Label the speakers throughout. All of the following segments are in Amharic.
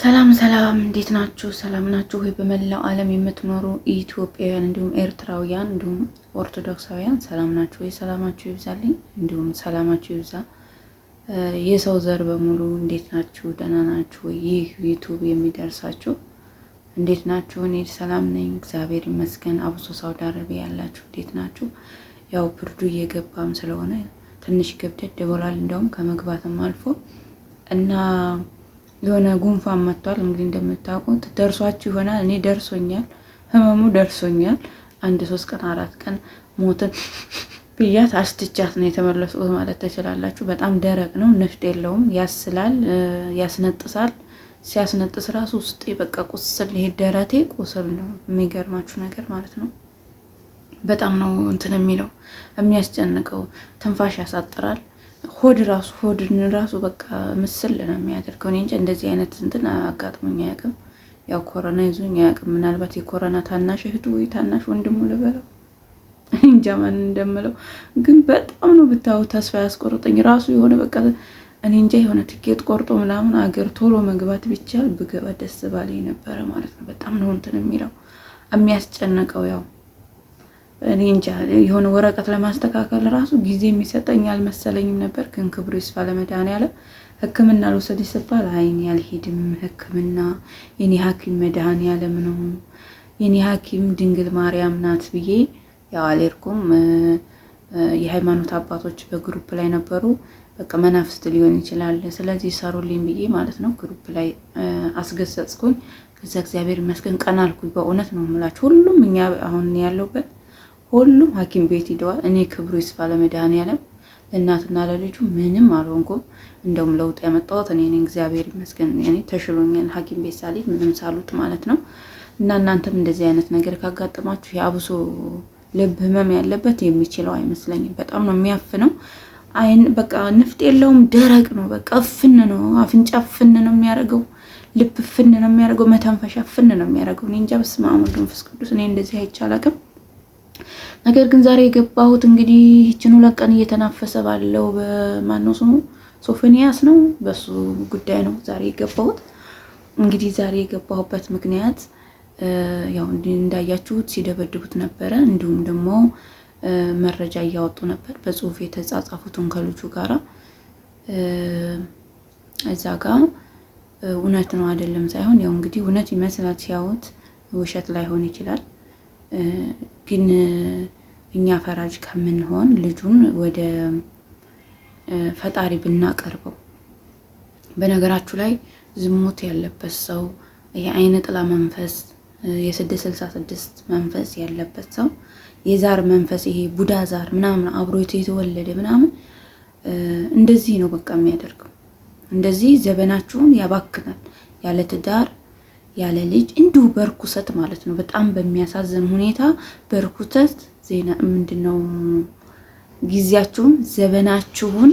Speaker 1: ሰላም ሰላም፣ እንዴት ናችሁ? ሰላም ናችሁ ወይ? በመላው ዓለም የምትኖሩ ኢትዮጵያውያን እንዲሁም ኤርትራውያን እንዲሁም ኦርቶዶክሳውያን ሰላም ናችሁ ወይ? ሰላማችሁ ይብዛልኝ፣ እንዲሁም ሰላማችሁ ይብዛ። የሰው ዘር በሙሉ እንዴት ናችሁ? ደህና ናችሁ ወይ? ይህ ዩቱብ የሚደርሳችሁ እንዴት ናችሁ? እኔ ሰላም ነኝ፣ እግዚአብሔር ይመስገን። አብሶ ሳውዲ አረቢያ ያላችሁ እንዴት ናችሁ? ያው ብርዱ እየገባም ስለሆነ ትንሽ ገብደት ደቦላል፣ እንደውም ከመግባትም አልፎ እና የሆነ ጉንፋን መጥቷል። እንግዲህ እንደምታውቁት ደርሷችሁ ይሆናል። እኔ ደርሶኛል፣ ህመሙ ደርሶኛል። አንድ ሶስት ቀን አራት ቀን ሞትን ብያት አስትቻት ነው የተመለስኩት ማለት ትችላላችሁ። በጣም ደረቅ ነው፣ ንፍጥ የለውም፣ ያስላል፣ ያስነጥሳል። ሲያስነጥስ ራሱ ውስጥ በቃ ቁስል፣ ይሄ ደረቴ ቁስል ነው። የሚገርማችሁ ነገር ማለት ነው። በጣም ነው እንትን የሚለው የሚያስጨንቀው፣ ትንፋሽ ያሳጥራል። ሆድ ራሱ ሆድን ራሱ በቃ ምስል ነው የሚያደርገው። እኔ እንጂ እንደዚህ አይነት እንትን አጋጥሞኝ አያውቅም። ያው ኮሮና ይዞኝ አያውቅም። ምናልባት የኮሮና ታናሽ እህቱ ወይ ታናሽ ወንድሙ ልበለው እንጃ ማን እንደምለው ግን በጣም ነው ብታዩ ተስፋ ያስቆርጠኝ ራሱ የሆነ በቃ እኔ እንጃ የሆነ ትኬት ቆርጦ ምናምን አገር ቶሎ መግባት ቢቻል ብገባ ደስ ባለኝ ነበረ ማለት ነው። በጣም ነው እንትን የሚለው የሚያስጨነቀው ያው እኔ እንጃ የሆነ ወረቀት ለማስተካከል ራሱ ጊዜ የሚሰጠኝ አልመሰለኝም ነበር። ግን ክብሩ ይስፋ ለመድኃኔዓለም ሕክምና ልውሰድ ስባል አይን ያልሄድም ህክምና ሕክምና የኔ ሐኪም መድኃኔዓለም ነው የኔ ሐኪም ድንግል ማርያም ናት ብዬ ያው አልሄድኩም። የሃይማኖት አባቶች በግሩፕ ላይ ነበሩ። በቃ መናፍስት ሊሆን ይችላል፣ ስለዚህ ሰሩልኝ ብዬ ማለት ነው ግሩፕ ላይ አስገሰጽኩኝ። ከዛ እግዚአብሔር ይመስገን ቀናልኩኝ። በእውነት ነው የምላችሁ ሁሉም እኛ አሁን ያለውበት ሁሉም ሐኪም ቤት ሂደዋል። እኔ ክብሩ ይስፋ ለመድኃኔዓለም ለእናትና ለልጁ ምንም አልሆንኩም። እንደውም ለውጥ ያመጣሁት እኔ ነኝ። እግዚአብሔር ይመስገን እኔ ተሽሎኛል፣ ሐኪም ቤት ሳልሄድ ምንም ሳሉት ማለት ነው። እና እናንተም እንደዚህ አይነት ነገር ካጋጠማችሁ የአብሶ ልብ ህመም ያለበት የሚችለው አይመስለኝም። በጣም ነው የሚያፍነው። አይን በቃ ንፍጥ የለውም፣ ደረቅ ነው። በቃ ፍን ነው፣ አፍንጫ ፍን ነው የሚያደርገው፣ ልብ ፍን ነው የሚያደርገው፣ መተንፈሻ ፍን ነው የሚያደርገው። እኔ እንጃ። በስመ አብ ወወልድ ወመንፈስ ቅዱስ። እኔ እንደዚህ አይቻል አቅም ነገር ግን ዛሬ የገባሁት እንግዲህ ይችኑ ሁለት ቀን እየተናፈሰ ባለው በማነው ስሙ ሶፎንያስ ነው፣ በሱ ጉዳይ ነው ዛሬ የገባሁት። እንግዲህ ዛሬ የገባሁበት ምክንያት ያው እንዳያችሁት ሲደበድቡት ነበረ። እንዲሁም ደግሞ መረጃ እያወጡ ነበር በጽሁፍ የተጻጻፉትን ከልጁ ጋራ እዛ ጋ እውነት ነው አይደለም ሳይሆን ያው እንግዲህ እውነት ይመስላል ሲያዩት፣ ውሸት ላይሆን ይችላል። ግን እኛ ፈራጅ ከምንሆን ልጁን ወደ ፈጣሪ ብናቀርበው። በነገራችሁ ላይ ዝሙት ያለበት ሰው የአይነ ጥላ መንፈስ የስድስት ስልሳ ስድስት መንፈስ ያለበት ሰው የዛር መንፈስ ይሄ ቡዳ ዛር ምናምን አብሮ የተወለደ ምናምን እንደዚህ ነው በቃ የሚያደርገው። እንደዚህ ዘበናችሁን ያባክናል። ያለ ትዳር ያለ ልጅ እንዲሁ በርኩሰት ማለት ነው። በጣም በሚያሳዝን ሁኔታ በርኩሰት ዜና ምንድነው ጊዜያችሁን ዘበናችሁን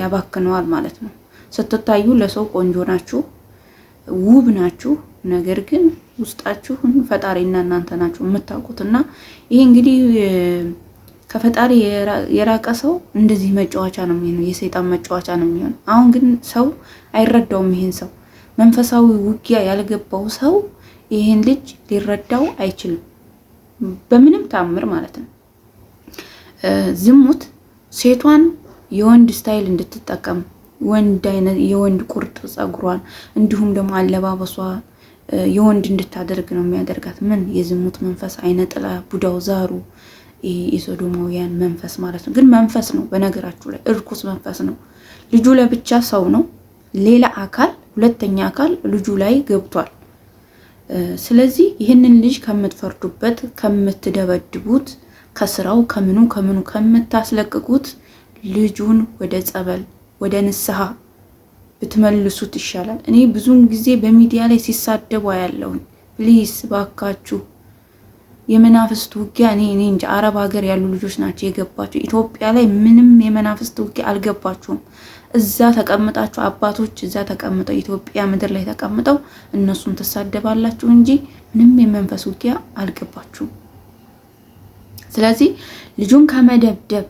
Speaker 1: ያባክነዋል ማለት ነው። ስትታዩ ለሰው ቆንጆ ናችሁ፣ ውብ ናችሁ። ነገር ግን ውስጣችሁን ፈጣሪና እናንተ ናችሁ የምታውቁትና ይሄ እንግዲህ ከፈጣሪ የራቀ ሰው እንደዚህ መጫወቻ ነው የሚሆነው፣ የሰይጣን መጫወቻ ነው የሚሆነው። አሁን ግን ሰው አይረዳውም ይሄን ሰው መንፈሳዊ ውጊያ ያልገባው ሰው ይህን ልጅ ሊረዳው አይችልም፣ በምንም ተአምር ማለት ነው። ዝሙት ሴቷን የወንድ ስታይል እንድትጠቀም ወንድ አይነት የወንድ ቁርጥ ጸጉሯን፣ እንዲሁም ደግሞ አለባበሷ የወንድ እንድታደርግ ነው የሚያደርጋት። ምን የዝሙት መንፈስ አይነ ጥላ ቡዳው ዛሩ የሶዶማውያን መንፈስ ማለት ነው። ግን መንፈስ ነው፣ በነገራችሁ ላይ እርኩስ መንፈስ ነው። ልጁ ለብቻ ሰው ነው፣ ሌላ አካል ሁለተኛ አካል ልጁ ላይ ገብቷል። ስለዚህ ይህንን ልጅ ከምትፈርዱበት፣ ከምትደበድቡት፣ ከስራው ከምኑ ከምኑ ከምታስለቅቁት ልጁን ወደ ጸበል ወደ ንስሐ ብትመልሱት ይሻላል። እኔ ብዙውን ጊዜ በሚዲያ ላይ ሲሳደቡ ያለውን ፕሊስ ባካችሁ የመናፍስት ውጊያ እኔ እኔ እንጂ አረብ ሀገር ያሉ ልጆች ናቸው የገባቸው። ኢትዮጵያ ላይ ምንም የመናፍስት ውጊያ አልገባችሁም። እዛ ተቀምጣችሁ አባቶች እዛ ተቀምጠው ኢትዮጵያ ምድር ላይ ተቀምጠው እነሱን ትሳደባላችሁ እንጂ ምንም የመንፈስ ውጊያ አልገባችሁም። ስለዚህ ልጁን ከመደብደብ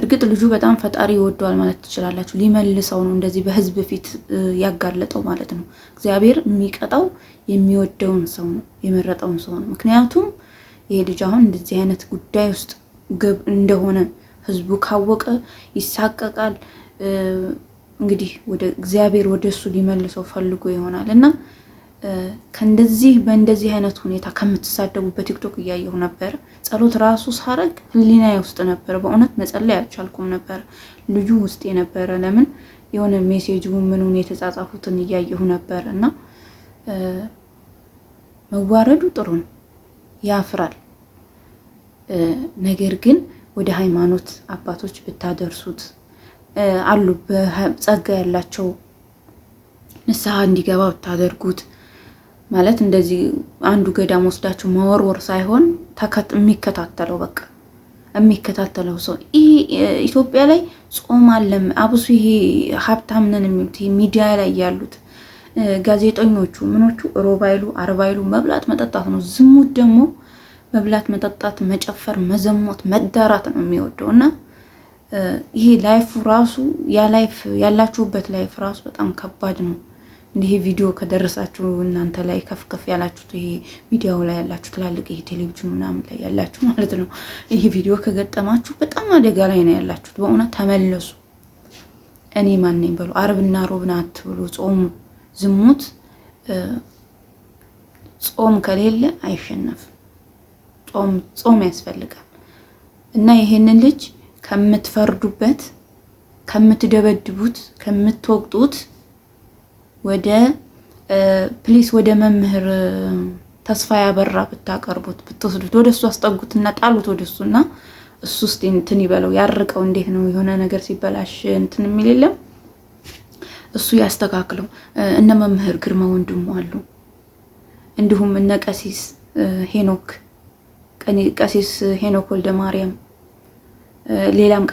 Speaker 1: እርግጥ ልጁ በጣም ፈጣሪ ይወደዋል ማለት ትችላላችሁ። ሊመልሰው ነው እንደዚህ በህዝብ ፊት ያጋለጠው ማለት ነው። እግዚአብሔር የሚቀጣው የሚወደውን ሰው ነው፣ የመረጠውን ሰው ነው። ምክንያቱም ይሄ ልጅ አሁን እንደዚህ አይነት ጉዳይ ውስጥ ግብ እንደሆነ ህዝቡ ካወቀ ይሳቀቃል። እንግዲህ ወደ እግዚአብሔር ወደ እሱ ሊመልሰው ፈልጎ ይሆናል እና ከእንደዚህ በእንደዚህ አይነት ሁኔታ ከምትሳደቡ በቲክቶክ እያየሁ ነበር። ጸሎት ራሱ ሳረግ ህሊናዬ ውስጥ ነበረ። በእውነት መጸለይ አልቻልኩም ነበረ። ልጁ ውስጥ የነበረ ለምን የሆነ ሜሴጁ ምኑን የተጻጻፉትን እያየሁ ነበር እና መዋረዱ ጥሩ ነው። ያፍራል። ነገር ግን ወደ ሃይማኖት አባቶች ብታደርሱት አሉ ጸጋ ያላቸው ንስሐ እንዲገባ ብታደርጉት ማለት እንደዚህ አንዱ ገዳም ወስዳችሁ መወርወር ሳይሆን የሚከታተለው በቃ የሚከታተለው ሰው ይሄ ኢትዮጵያ ላይ ጾም አለም አብሱ ይሄ ሀብታም ነን የሚሉት ሚዲያ ላይ ያሉት ጋዜጠኞቹ ምኖቹ ሮባይሉ አርባይሉ መብላት መጠጣት ነው። ዝሙት ደግሞ መብላት መጠጣት፣ መጨፈር፣ መዘሞት፣ መዳራት ነው የሚወደው እና ይሄ ላይፍ ራሱ ያላይፍ ያላችሁበት ላይፍ ራሱ በጣም ከባድ ነው። እንዲህ ቪዲዮ ከደረሳችሁ እናንተ ላይ ከፍከፍ ያላችሁት ይሄ ሚዲያው ላይ ያላችሁ ትላልቅ ይሄ ቴሌቪዥን ምናምን ላይ ያላችሁ ማለት ነው። ይሄ ቪዲዮ ከገጠማችሁ በጣም አደጋ ላይ ነው ያላችሁት። በእውነት ተመለሱ። እኔ ማን ነኝ በሉ። አርብና ሮብን አትብሉ፣ ጾሙ ዝሙት ጾም ከሌለ አይሸነፍም። ጾም ጾም ያስፈልጋል። እና ይሄንን ልጅ ከምትፈርዱበት፣ ከምትደበድቡት፣ ከምትወቅጡት ወደ ፕሊስ ወደ መምህር ተስፋ ያበራ ብታቀርቡት ብትወስዱት ወደ እሱ አስጠጉትና ጣሉት ወደ እሱና እሱ ውስጥ እንትን ይበለው ያርቀው። እንዴት ነው የሆነ ነገር ሲበላሽ እንትን የሚል የለም እሱ ያስተካክለው። እነ መምህር ግርማ ወንድሙ አሉ፣ እንዲሁም እነ ቀሲስ ሄኖክ ቀሲስ ሄኖክ ወልደ ማርያም፣ ሌላም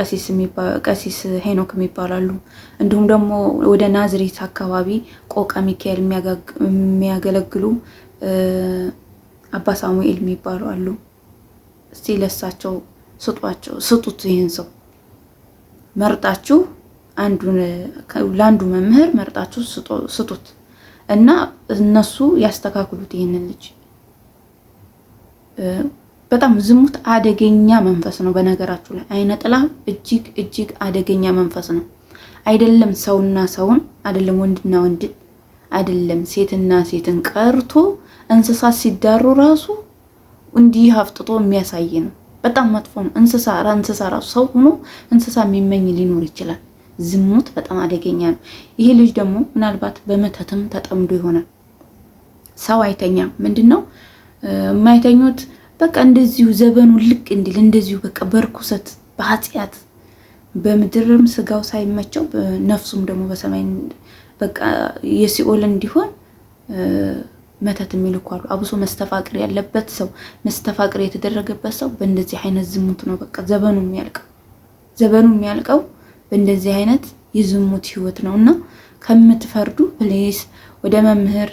Speaker 1: ቀሲስ ሄኖክ የሚባላሉ እንዲሁም ደግሞ ወደ ናዝሬት አካባቢ ቆቃ ሚካኤል የሚያገለግሉ አባ ሳሙኤል የሚባሉ አሉ። እስቲ ለሳቸው ስጧቸው፣ ስጡት። ይህን ሰው መርጣችሁ ለአንዱ መምህር መርጣችሁ ስጡት እና እነሱ ያስተካክሉት ይህንን ልጅ። በጣም ዝሙት አደገኛ መንፈስ ነው። በነገራችሁ ላይ አይነ ጥላ እጅግ እጅግ አደገኛ መንፈስ ነው። አይደለም ሰውና ሰውን አይደለም ወንድና ወንድ አይደለም ሴትና ሴትን ቀርቶ እንስሳት ሲዳሩ ራሱ እንዲህ አፍጥጦ የሚያሳይ ነው። በጣም መጥፎ ነው። እንስሳ እንስሳ ራሱ ሰው ሆኖ እንስሳ የሚመኝ ሊኖር ይችላል። ዝሙት በጣም አደገኛ ነው። ይሄ ልጅ ደግሞ ምናልባት በመተትም ተጠምዶ ይሆናል። ሰው አይተኛም። ምንድን ነው የማይተኙት? በቃ እንደዚሁ ዘበኑ ልቅ እንዲል እንደዚሁ በቃ በርኩሰት በኃጢአት በምድርም ስጋው ሳይመቸው ነፍሱም ደግሞ በሰማይ በቃ የሲኦል እንዲሆን መተት የሚልኳሉ። አብሶ መስተፋቅር ያለበት ሰው መስተፋቅር የተደረገበት ሰው በእንደዚህ አይነት ዝሙት ነው በቃ ዘበኑ የሚያልቀው ዘበኑ የሚያልቀው በእንደዚህ አይነት የዝሙት ህይወት ነው እና ከምትፈርዱ ፕሌስ ወደ መምህር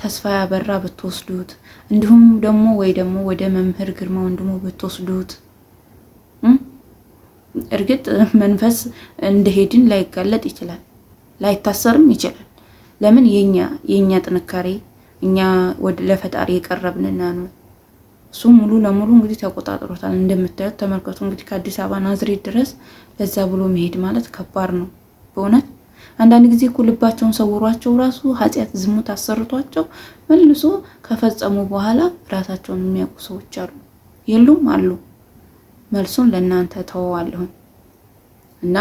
Speaker 1: ተስፋ ያበራ ብትወስዱት፣ እንዲሁም ደግሞ ወይ ደግሞ ወደ መምህር ግርማ ወንድሞ ብትወስዱት። እርግጥ መንፈስ እንደሄድን ላይጋለጥ ይችላል፣ ላይታሰርም ይችላል። ለምን የኛ የኛ ጥንካሬ እኛ ለፈጣሪ የቀረብንና ነው። እሱ ሙሉ ለሙሉ እንግዲህ ተቆጣጥሮታል። እንደምታዩት ተመልከቱ እንግዲህ ከአዲስ አበባ ናዝሬት ድረስ በዛ ብሎ መሄድ ማለት ከባድ ነው በእውነት አንዳንድ ጊዜ እኮ ልባቸውን ሰውሯቸው ራሱ ኃጢአት፣ ዝሙት አሰርቷቸው መልሶ ከፈጸሙ በኋላ ራሳቸውን የሚያውቁ ሰዎች አሉ የሉም አሉ። መልሱን ለእናንተ ተወዋለሁን እና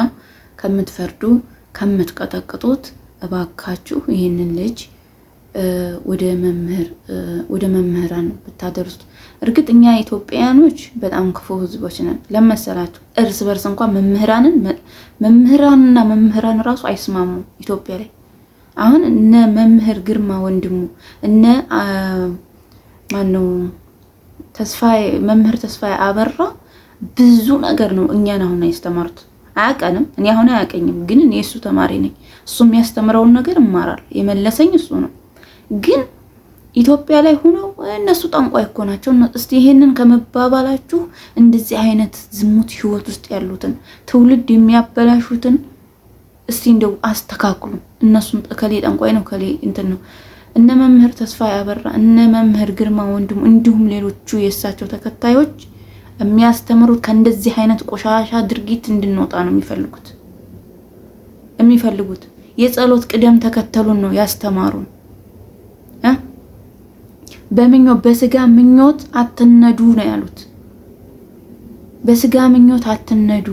Speaker 1: ከምትፈርዱ ከምትቀጠቅጡት እባካችሁ ይህንን ልጅ ወደ መምህራን ብታደርሱት እርግጥ እኛ ኢትዮጵያኖች በጣም ክፉ ህዝቦች ነን። ለመሰላችሁ እርስ በርስ እንኳን መምህራንን መምህራንና መምህራን ራሱ አይስማሙ ኢትዮጵያ ላይ አሁን እነ መምህር ግርማ ወንድሙ እነ ማነው ተስፋ መምህር ተስፋ አበራ ብዙ ነገር ነው እኛን አሁን ያስተማሩት። አያቀንም እኔ አሁን አያቀኝም፣ ግን እኔ እሱ ተማሪ ነኝ። እሱ የሚያስተምረውን ነገር እማራል። የመለሰኝ እሱ ነው ግን ኢትዮጵያ ላይ ሆነው እነሱ ጠንቋይ እኮ ናቸው። እስቲ ይሄንን ከመባባላችሁ እንደዚህ አይነት ዝሙት ህይወት ውስጥ ያሉትን ትውልድ የሚያበላሹትን እስቲ እንደው አስተካክሉ። እነሱም ከሌ ጠንቋይ ነው ከሌ እንትን ነው። እነ መምህር ተስፋ ያበራ እነ መምህር ግርማ ወንድሙ እንዲሁም ሌሎቹ የእሳቸው ተከታዮች የሚያስተምሩት ከእንደዚህ አይነት ቆሻሻ ድርጊት እንድንወጣ ነው የሚፈልጉት የሚፈልጉት የጸሎት ቅደም ተከተሉን ነው ያስተማሩን። በምኞት በስጋ ምኞት አትነዱ ነው ያሉት። በስጋ ምኞት አትነዱ።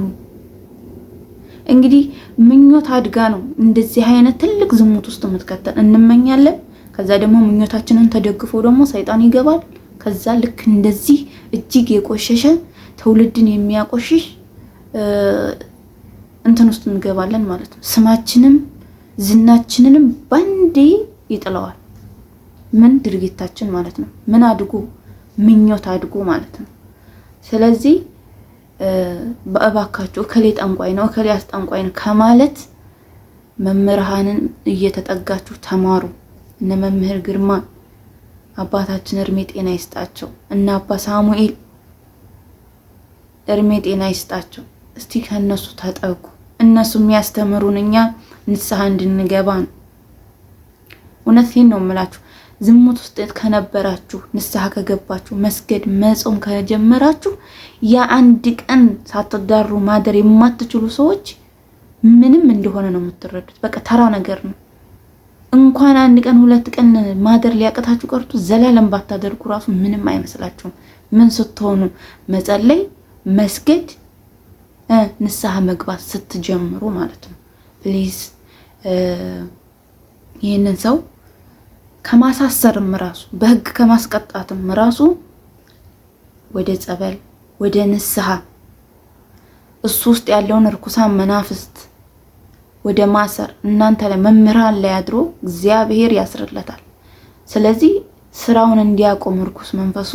Speaker 1: እንግዲህ ምኞት አድጋ ነው እንደዚህ አይነት ትልቅ ዝሙት ውስጥ የምትከተል እንመኛለን። ከዛ ደግሞ ምኞታችንን ተደግፎ ደግሞ ሰይጣን ይገባል። ከዛ ልክ እንደዚህ እጅግ የቆሸሸ ትውልድን የሚያቆሽሽ እንትን ውስጥ እንገባለን ማለት ነው። ስማችንም ዝናችንንም ባንዴ ይጥለዋል። ምን ድርጊታችን ማለት ነው። ምን አድጎ ምኞት አድጎ ማለት ነው። ስለዚህ በእባካችሁ እከሌ ጠንቋይ ነው እከሌ አስጠንቋይ ነው ከማለት መምህራንን እየተጠጋችሁ ተማሩ። እነ መምህር ግርማ አባታችን እርሜ ጤና ይስጣቸው፣ እነ አባ ሳሙኤል እርሜ ጤና ይስጣቸው። እስቲ ከእነሱ ተጠጉ። እነሱ የሚያስተምሩን እኛ ንስሐ እንድንገባ ነው። እውነቴን ነው የምላችሁ። ዝሙት ውስጥ ከነበራችሁ ንስሐ ከገባችሁ መስገድ መጾም ከጀመራችሁ የአንድ ቀን ሳትዳሩ ማደር የማትችሉ ሰዎች ምንም እንደሆነ ነው የምትረዱት። በቃ ተራ ነገር ነው። እንኳን አንድ ቀን ሁለት ቀን ማደር ሊያቅታችሁ ቀርቶ ዘላለም ባታደርጉ ራሱ ምንም አይመስላችሁም። ምን ስትሆኑ መጸለይ፣ መስገድ፣ ንስሐ መግባት ስትጀምሩ ማለት ነው። ፕሊዝ ይህንን ሰው ከማሳሰርም ራሱ በህግ ከማስቀጣትም ራሱ ወደ ጸበል ወደ ንስሐ እሱ ውስጥ ያለውን እርኩሳን መናፍስት ወደ ማሰር እናንተ ላይ መምህራን ላይ አድሮ እግዚአብሔር ያስርለታል። ስለዚህ ስራውን እንዲያቆም እርኩስ መንፈሱ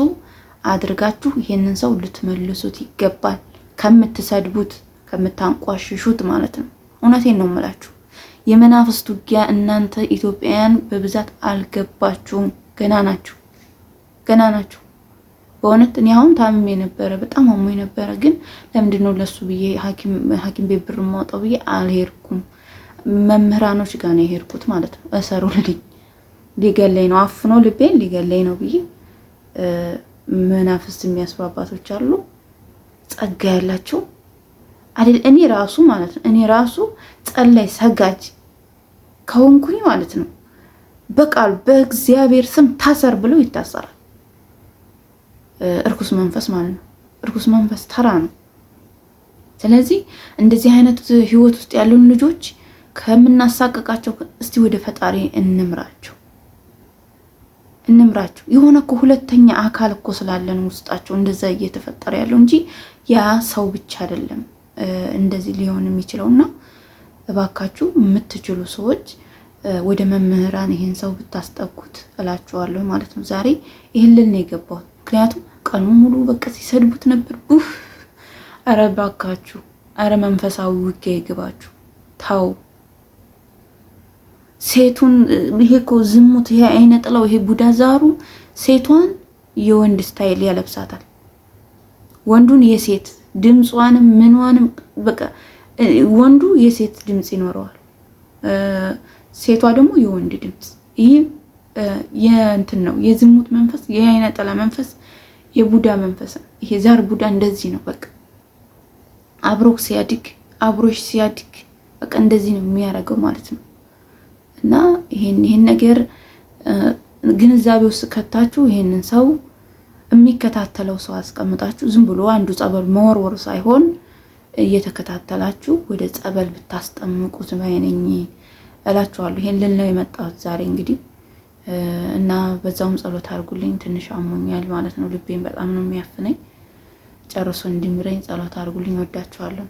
Speaker 1: አድርጋችሁ ይህንን ሰው ልትመልሱት ይገባል። ከምትሰድቡት ከምታንቋሽሹት ማለት ነው። እውነቴን ነው የምላችሁ። የመናፍስት ውጊያ እናንተ ኢትዮጵያውያን በብዛት አልገባችሁም። ገና ናችሁ፣ ገና ናችሁ። በእውነት እኔ አሁን ታምሜ ነበረ፣ በጣም አሞኝ ነበረ። ግን ለምንድን ነው ለሱ ብዬ ሐኪም ቤት ብር ማውጣው ብዬ አልሄድኩም። መምህራኖች ጋር ነው የሄድኩት ማለት ነው። እሰሩልኝ፣ ሊገለኝ ነው፣ አፍኖ ልቤን ሊገለኝ ነው ብዬ መናፍስት የሚያስባባቶች አሉ፣ ጸጋ ያላቸው አይደል? እኔ ራሱ ማለት ነው እኔ ራሱ ጸላይ ሰጋጅ ከሆንኩኝ ማለት ነው በቃል በእግዚአብሔር ስም ታሰር ብለው ይታሰራል። እርኩስ መንፈስ ማለት ነው። እርኩስ መንፈስ ተራ ነው። ስለዚህ እንደዚህ አይነት ህይወት ውስጥ ያሉን ልጆች ከምናሳቀቃቸው እስቲ ወደ ፈጣሪ እንምራቸው እንምራቸው። የሆነ እኮ ሁለተኛ አካል እኮ ስላለን ውስጣቸው እንደዛ እየተፈጠረ ያለው እንጂ ያ ሰው ብቻ አይደለም እንደዚህ ሊሆን የሚችለው እና እባካችሁ የምትችሉ ሰዎች ወደ መምህራን ይሄን ሰው ብታስጠጉት እላችኋለሁ ማለት ነው። ዛሬ ይህን ልል ነው የገባሁት። ምክንያቱም ቀኑ ሙሉ በቃ ሲሰድቡት ነበር። ቡፍ አረ እባካችሁ፣ አረ መንፈሳዊ ውጊያ ይግባችሁ። ታው ሴቱን ይሄ እኮ ዝሙት፣ ይሄ አይነ ጥለው፣ ይሄ ቡዳ ዛሩ ሴቷን የወንድ ስታይል ያለብሳታል፣ ወንዱን የሴት ድምጿንም ምንዋንም በቃ ወንዱ የሴት ድምፅ ይኖረዋል፣ ሴቷ ደግሞ የወንድ ድምፅ። ይህ የእንትን ነው የዝሙት መንፈስ፣ የአይነ ጥላ መንፈስ፣ የቡዳ መንፈስ ነው። ይሄ ዛር ቡዳ እንደዚህ ነው። በቃ አብሮክ ሲያድግ አብሮሽ ሲያድግ በቃ እንደዚህ ነው የሚያደርገው ማለት ነው። እና ይሄን ይሄን ነገር ግንዛቤ ውስጥ ከታችሁ ይሄንን ሰው የሚከታተለው ሰው አስቀምጣችሁ ዝም ብሎ አንዱ ጸበል መወርወር ሳይሆን እየተከታተላችሁ ወደ ጸበል ብታስጠምቁት ባይነኝ እላችኋለሁ። ይሄን ልል ነው የመጣሁት ዛሬ እንግዲህ እና በዛውም ጸሎት አድርጉልኝ። ትንሽ አሞኛል ማለት ነው። ልቤን በጣም ነው የሚያፍነኝ። ጨርሶ እንዲምረኝ ጸሎት አድርጉልኝ። ወዳችኋለሁ።